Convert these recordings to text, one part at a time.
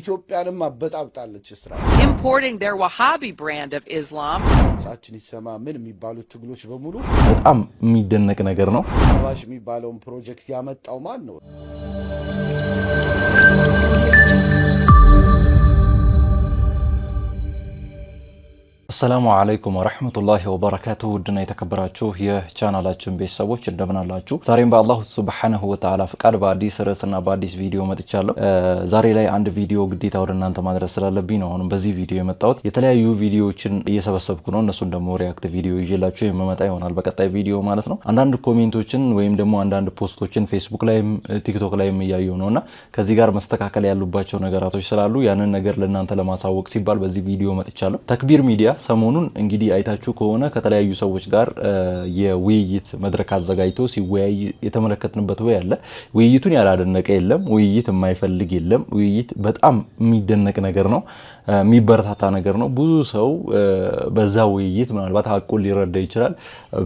ኢትዮጵያንም አበጣብጣለች እስራኤል። ኢምፖርቲንግ ዜር ዋሃቢ ብራንድ ኦፍ ኢስላም ይሰማ ምን የሚባሉት ትግሎች በሙሉ በጣም የሚደነቅ ነገር ነው። ባሽ የሚባለውን ፕሮጀክት ያመጣው ማን ነው? አሰላሙ አለይኩም ወረህመቱላሂ ወበረካቱ ውድና የተከበራችሁ የቻናላችን ቤተሰቦች እንደምናላችሁ። ዛሬም በአላሁ ስብሓነሁ ወተዓላ ፍቃድ በአዲስ ርዕስና በአዲስ ቪዲዮ መጥቻለሁ። ዛሬ ላይ አንድ ቪዲዮ ግዴታ ወደ እናንተ ማድረስ ስላለብኝ ነው አሁንም በዚህ ቪዲዮ የመጣሁት። የተለያዩ ቪዲዮዎችን እየሰበሰብኩ ነው። እነሱን ደግሞ ሪያክት ቪዲዮ ይዤላችሁ የመመጣ ይሆናል በቀጣይ ቪዲዮ ማለት ነው። አንዳንድ ኮሜንቶችን ወይም ደግሞ አንዳንድ ፖስቶችን ፌስቡክ ላይም ቲክቶክ ላይም እያየሁ ነው እና ከዚህ ጋር መስተካከል ያሉባቸው ነገራቶች ስላሉ ያንን ነገር ለእናንተ ለማሳወቅ ሲባል በዚህ ቪዲዮ መጥቻለሁ። ተክቢር ሚዲያ ሰሞኑን እንግዲህ አይታችሁ ከሆነ ከተለያዩ ሰዎች ጋር የውይይት መድረክ አዘጋጅቶ ሲወያይ የተመለከትንበት ወይ አለ። ውይይቱን ያላደነቀ የለም። ውይይት የማይፈልግ የለም። ውይይት በጣም የሚደነቅ ነገር ነው። የሚበረታታ ነገር ነው። ብዙ ሰው በዛ ውይይት ምናልባት ሀቁን ሊረዳ ይችላል።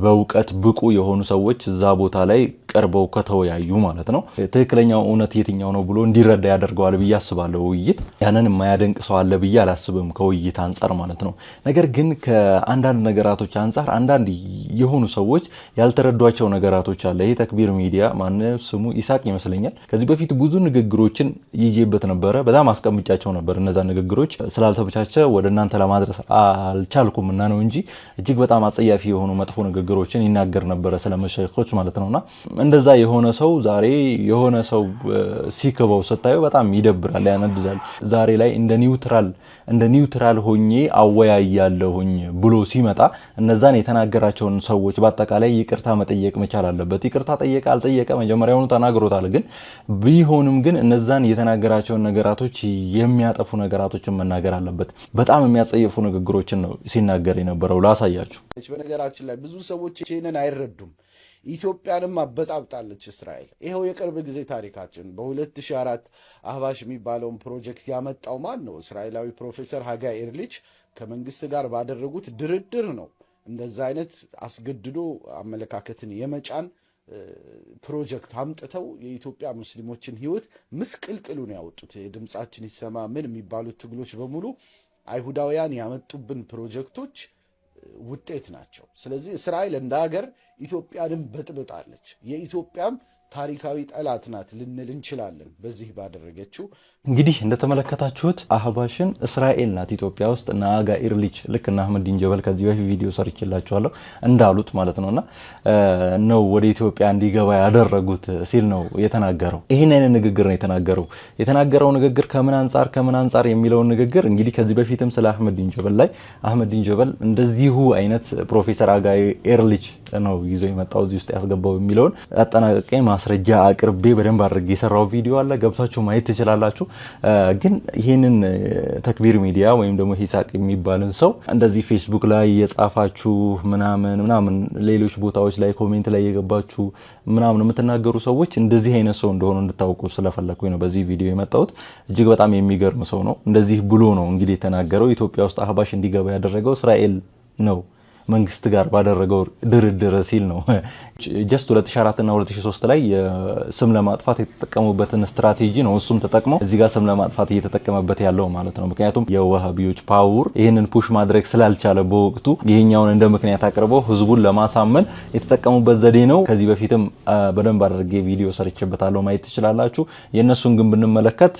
በእውቀት ብቁ የሆኑ ሰዎች እዛ ቦታ ላይ ቀርበው ከተወያዩ ማለት ነው ትክክለኛው እውነት የትኛው ነው ብሎ እንዲረዳ ያደርገዋል ብዬ አስባለሁ። ውይይት ያንን የማያደንቅ ሰው አለ ብዬ አላስብም፣ ከውይይት አንጻር ማለት ነው። ነገር ግን ከአንዳንድ ነገራቶች አንጻር አንዳንድ የሆኑ ሰዎች ያልተረዷቸው ነገራቶች አለ። ይሄ ተክቢር ሚዲያ ማን ስሙ ኢሳቅ ይመስለኛል። ከዚህ በፊት ብዙ ንግግሮችን ይዤበት ነበረ። በጣም አስቀምጫቸው ነበር እነዛ ንግግሮች ስላልተመቻቸ ወደ እናንተ ለማድረስ አልቻልኩም እና ነው እንጂ እጅግ በጣም አጸያፊ የሆኑ መጥፎ ንግግሮችን ይናገር ነበረ ስለ መሸኮች ማለት ነውና እንደዛ የሆነ ሰው ዛሬ የሆነ ሰው ሲክበው ስታዩ በጣም ይደብራል፣ ያነድዳል። ዛሬ ላይ እንደ ኒውትራል እንደ ኒውትራል ሆኜ አወያያለሁኝ ብሎ ሲመጣ እነዛን የተናገራቸውን ሰዎች በአጠቃላይ ይቅርታ መጠየቅ መቻል አለበት። ይቅርታ ጠየቀ አልጠየቀ መጀመሪያውኑ ተናግሮታል። ግን ቢሆንም ግን እነዛን የተናገራቸውን ነገራቶች የሚያጠፉ ነገራቶችን መናገር መናገር አለበት። በጣም የሚያጸየፉ ንግግሮችን ነው ሲናገር የነበረው። ላሳያችሁ። በነገራችን ላይ ብዙ ሰዎች ይህንን አይረዱም። ኢትዮጵያንም አበጣብጣለች እስራኤል። ይኸው የቅርብ ጊዜ ታሪካችን በ2004 አህባሽ የሚባለውን ፕሮጀክት ያመጣው ማን ነው? እስራኤላዊ ፕሮፌሰር ሃጋይ ኤርሊች ከመንግስት ጋር ባደረጉት ድርድር ነው እንደዛ አይነት አስገድዶ አመለካከትን የመጫን ፕሮጀክት አምጥተው የኢትዮጵያ ሙስሊሞችን ህይወት ምስቅልቅሉን ያወጡት የድምፃችን ይሰማ ምን የሚባሉት ትግሎች በሙሉ አይሁዳውያን ያመጡብን ፕሮጀክቶች ውጤት ናቸው። ስለዚህ እስራኤል እንደ ሀገር ኢትዮጵያንም በጥብጣለች። የኢትዮጵያም ታሪካዊ ጠላት ናት ልንል እንችላለን። በዚህ ባደረገችው እንግዲህ እንደተመለከታችሁት አህባሽን እስራኤል ናት ኢትዮጵያ ውስጥ እና አጋ ኢርሊች ልክ እና አህመድ ዲንጀበል ከዚህ በፊት ቪዲዮ ሰርችላችኋለሁ እንዳሉት ማለት ነውና ነው ወደ ኢትዮጵያ እንዲገባ ያደረጉት ሲል ነው የተናገረው። ይህን አይነት ንግግር ነው የተናገረው። የተናገረው ንግግር ከምን አንጻር ከምን አንጻር የሚለውን ንግግር እንግዲህ ከዚህ በፊትም ስለ አህመድ ዲንጀበል ላይ አህመድ ዲንጀበል እንደዚሁ አይነት ፕሮፌሰር አጋ ኢርሊች ነው ይዞ የመጣው እዚህ ውስጥ ያስገባው የሚለውን አጠናቀቀ ማስረጃ አቅርቤ በደንብ አድርጌ የሰራው ቪዲዮ አለ፣ ገብታችሁ ማየት ትችላላችሁ። ግን ይህንን ተክቢር ሚዲያ ወይም ደግሞ ሂሳቅ የሚባልን ሰው እንደዚህ ፌስቡክ ላይ የጻፋችሁ ምናምን ምናምን፣ ሌሎች ቦታዎች ላይ ኮሜንት ላይ የገባችሁ ምናምን የምትናገሩ ሰዎች እንደዚህ አይነት ሰው እንደሆኑ እንድታውቁ ስለፈለግኩኝ ነው በዚህ ቪዲዮ የመጣሁት። እጅግ በጣም የሚገርም ሰው ነው። እንደዚህ ብሎ ነው እንግዲህ የተናገረው። ኢትዮጵያ ውስጥ አህባሽ እንዲገባ ያደረገው እስራኤል ነው። መንግስት ጋር ባደረገው ድርድር ሲል ነው። ጀስት 2004 እና 2003 ላይ ስም ለማጥፋት የተጠቀሙበትን ስትራቴጂ ነው እሱም ተጠቅመው እዚህ ጋር ስም ለማጥፋት እየተጠቀመበት ያለው ማለት ነው። ምክንያቱም የወሃቢዎች ፓውር ይህንን ፑሽ ማድረግ ስላልቻለ በወቅቱ ይህኛውን እንደ ምክንያት አቅርበው ህዝቡን ለማሳመን የተጠቀሙበት ዘዴ ነው። ከዚህ በፊትም በደንብ አድርጌ ቪዲዮ ሰርቼበታለሁ፣ ማየት ትችላላችሁ። የእነሱን ግን ብንመለከት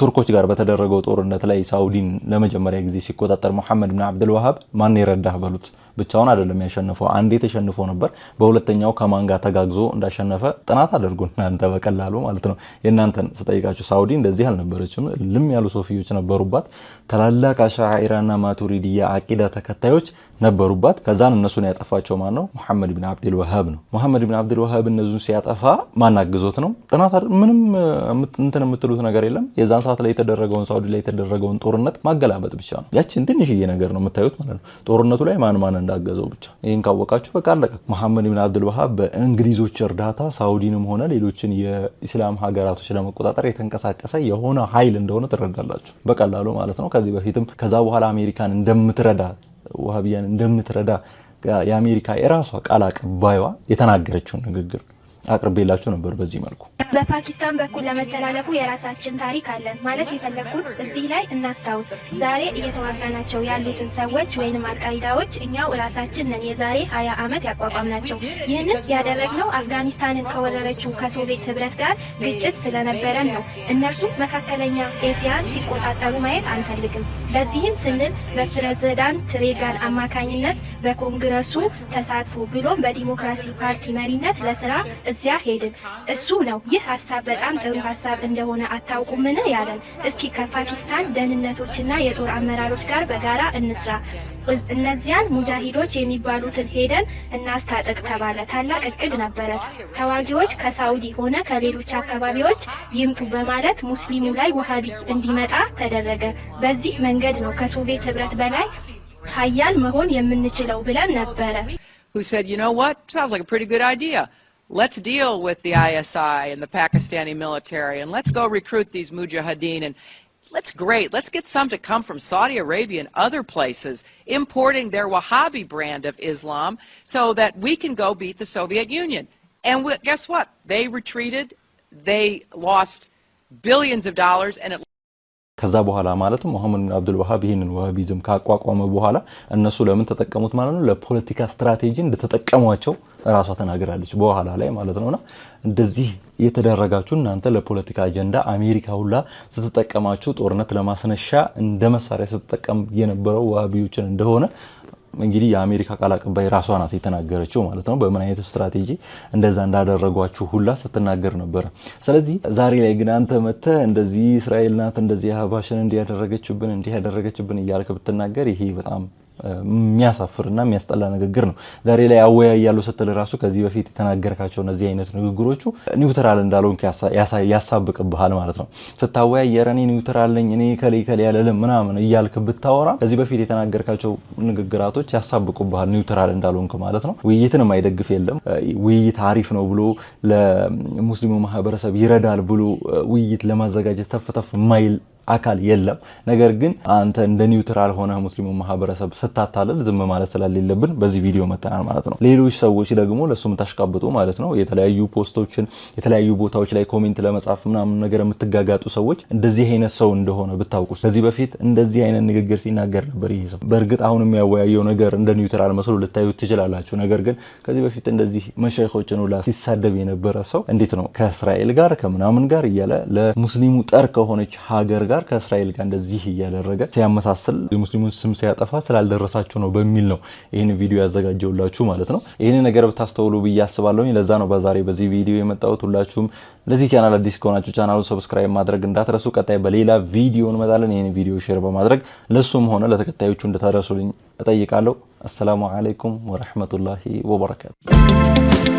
ቱርኮች ጋር በተደረገው ጦርነት ላይ ሳውዲን ለመጀመሪያ ጊዜ ሲቆጣጠር ሙሐመድ ብን አብድልዋሃብ ማን የረዳህ በሉት ብቻውን አይደለም ያሸንፈው፣ አንዴ ተሸንፎ ነበር፣ በሁለተኛው ከማን ጋር ተጋግዞ እንዳሸነፈ ጥናት አድርጉ እናንተ በቀላሉ ማለት ነው። የእናንተን ስጠይቃችሁ ሳኡዲ እንደዚህ አልነበረችም። ልም ያሉ ሶፊዮች ነበሩባት። ታላላቅ አሻኢራና ማቱሪድያ አቂዳ ተከታዮች ነበሩባት። ከዛን እነሱን ያጠፋቸው ማን ነው? ሙሐመድ ብን አብድል ወሃብ ነው። ሙሐመድ ብን አብድል ወሃብ ሲያጠፋ ማናግዞት ነው ጥናት ምንም እንትን የምትሉት ነገር የለም። የዛን ሰዓት ላይ የተደረገውን ሳውዲ ላይ የተደረገውን ጦርነት ማገላበጥ ብቻ ነው። ያችን ትንሽዬ ነገር ነው የምታዩት ማለት ነው። ጦርነቱ ላይ ማን ማን እንዳገዘው ብቻ። ይህን ካወቃችሁ በቃ አለቀ። ሙሐመድ ብን አብድል ወሃብ በእንግሊዞች እርዳታ ሳውዲንም ሆነ ሌሎችን የኢስላም ሀገራቶች ለመቆጣጠር የተንቀሳቀሰ የሆነ ኃይል እንደሆነ ትረዳላችሁ በቀላሉ ማለት ነው። ከዚህ በፊትም ከዛ በኋላ አሜሪካን እንደምትረዳ ውሃብያን እንደምትረዳ የአሜሪካ የራሷ ቃል አቀባይዋ የተናገረችውን ንግግር አቅርቤላችሁ ነበር። በዚህ መልኩ በፓኪስታን በኩል ለመተላለፉ የራሳችን ታሪክ አለን ማለት የፈለግኩት እዚህ ላይ እናስታውስ። ዛሬ እየተዋጋናቸው ያሉትን ሰዎች ወይንም አልቃይዳዎች እኛው ራሳችን ነን የዛሬ ሀያ ዓመት ያቋቋምናቸው። ይህንን ያደረግነው አፍጋኒስታንን ከወረረችው ከሶቪየት ህብረት ጋር ግጭት ስለነበረን ነው። እነርሱ መካከለኛ ኤስያን ሲቆጣጠሩ ማየት አንፈልግም። ለዚህም ስንል በፕሬዝዳንት ሬጋን አማካኝነት በኮንግረሱ ተሳትፎ ብሎም በዲሞክራሲ ፓርቲ መሪነት ለስራ እዚያ ሄድን። እሱ ነው ይህ ሀሳብ በጣም ጥሩ ሀሳብ እንደሆነ አታውቁምን ያለን። እስኪ ከፓኪስታን ደህንነቶችና የጦር አመራሮች ጋር በጋራ እንስራ እነዚያን ሙጃሂዶች የሚባሉትን ሄደን እናስታጠቅ ተባለ። ታላቅ እቅድ ነበረ። ተዋጊዎች ከሳውዲ ሆነ ከሌሎች አካባቢዎች ይምጡ በማለት ሙስሊሙ ላይ ውሃቢ እንዲመጣ ተደረገ። በዚህ መንገድ ነው ከሶቪየት ህብረት በላይ ሀያል መሆን የምንችለው ብለን ነበረ። let's deal with the ISI and the Pakistani military and let's go recruit these mujahideen and let's great. Let's get some to come from Saudi Arabia and other places, importing their Wahhabi brand of Islam so that we can go beat the Soviet Union. And guess what? They retreated, they lost billions of dollars, and it ከዛ በኋላ ማለትም ሙሐመድ ብን አብዱልዋሃብ ይህንን ዋሃቢዝም ካቋቋመ በኋላ እነሱ ለምን ተጠቀሙት ማለት ነው ለፖለቲካ ስትራቴጂ እንደተጠቀሟቸው እራሷ ተናግራለች በኋላ ላይ ማለት ነውና እንደዚህ የተደረጋችሁ እናንተ ለፖለቲካ አጀንዳ አሜሪካ ሁላ ስትጠቀማችሁ ጦርነት ለማስነሻ እንደ መሳሪያ ስትጠቀም የነበረው ዋሃቢዎችን እንደሆነ እንግዲህ የአሜሪካ ቃል አቀባይ ራሷ ናት የተናገረችው ማለት ነው። በምን አይነት ስትራቴጂ እንደዛ እንዳደረጓችሁ ሁላ ስትናገር ነበረ። ስለዚህ ዛሬ ላይ ግን አንተ መተ እንደዚህ እስራኤል ናት እንደዚህ እንዲህ ያደረገችብን እንዲህ ያደረገችብን እያልክ ብትናገር ይሄ በጣም የሚያሳፍርና የሚያስጠላ ንግግር ነው። ዛሬ ላይ አወያያሉ ስትል ራሱ ከዚህ በፊት የተናገርካቸው እነዚህ አይነት ንግግሮቹ ኒውትራል እንዳለው ያሳብቅብሃል ማለት ነው። ስታወያየር እኔ ኒውትራል ነኝ እኔ ከሌ ከሌ ያለልም ምናምን እያልክ ብታወራ ከዚህ በፊት የተናገርካቸው ንግግራቶች ያሳብቁብሃል ኒውትራል እንዳልሆንክ ማለት ነው። ውይይትን የማይደግፍ የለም። ውይይት አሪፍ ነው ብሎ ለሙስሊሙ ማህበረሰብ ይረዳል ብሎ ውይይት ለማዘጋጀት ተፍተፍ ማይል አካል የለም። ነገር ግን አንተ እንደ ኒውትራል ሆነ ሙስሊሙ ማህበረሰብ ስታታለል ዝም ማለት ስለሌለብን በዚህ ቪዲዮ መተናል ማለት ነው። ሌሎች ሰዎች ደግሞ ለእሱ የምታሽቃብጡ ማለት ነው የተለያዩ ፖስቶችን የተለያዩ ቦታዎች ላይ ኮሜንት ለመጻፍ ምናምን ነገር የምትጋጋጡ ሰዎች እንደዚህ አይነት ሰው እንደሆነ ብታውቁ። ከዚህ በፊት እንደዚህ አይነት ንግግር ሲናገር ነበር ይሄ ሰው። በእርግጥ አሁን የሚያወያየው ነገር እንደ ኒውትራል መስሎ ልታዩት ትችላላችሁ። ነገር ግን ከዚህ በፊት እንደዚህ መሸይኮችን ሁላ ሲሳደብ የነበረ ሰው እንዴት ነው ከእስራኤል ጋር ከምናምን ጋር እያለ ለሙስሊሙ ጠር ከሆነች ሀገር ጋር ከእስራኤል ጋር እንደዚህ እያደረገ ሲያመሳስል የሙስሊሙን ስም ሲያጠፋ ስላልደረሳቸው ነው በሚል ነው ይህን ቪዲዮ ያዘጋጀውላችሁ ማለት ነው። ይህን ነገር ብታስተውሉ ብዬ አስባለሁኝ። ለዛ ነው በዛሬ በዚህ ቪዲዮ የመጣሁት። ሁላችሁም ለዚህ ቻናል አዲስ ከሆናችሁ ቻናሉን ሰብስክራይብ ማድረግ እንዳትረሱ። ቀጣይ በሌላ ቪዲዮ እንመጣለን። ይህን ቪዲዮ ሼር በማድረግ ለሱም ሆነ ለተከታዮቹ እንድታደርሱልኝ እጠይቃለሁ። አሰላሙ አለይኩም ወረህመቱላሂ ወበረካቱ።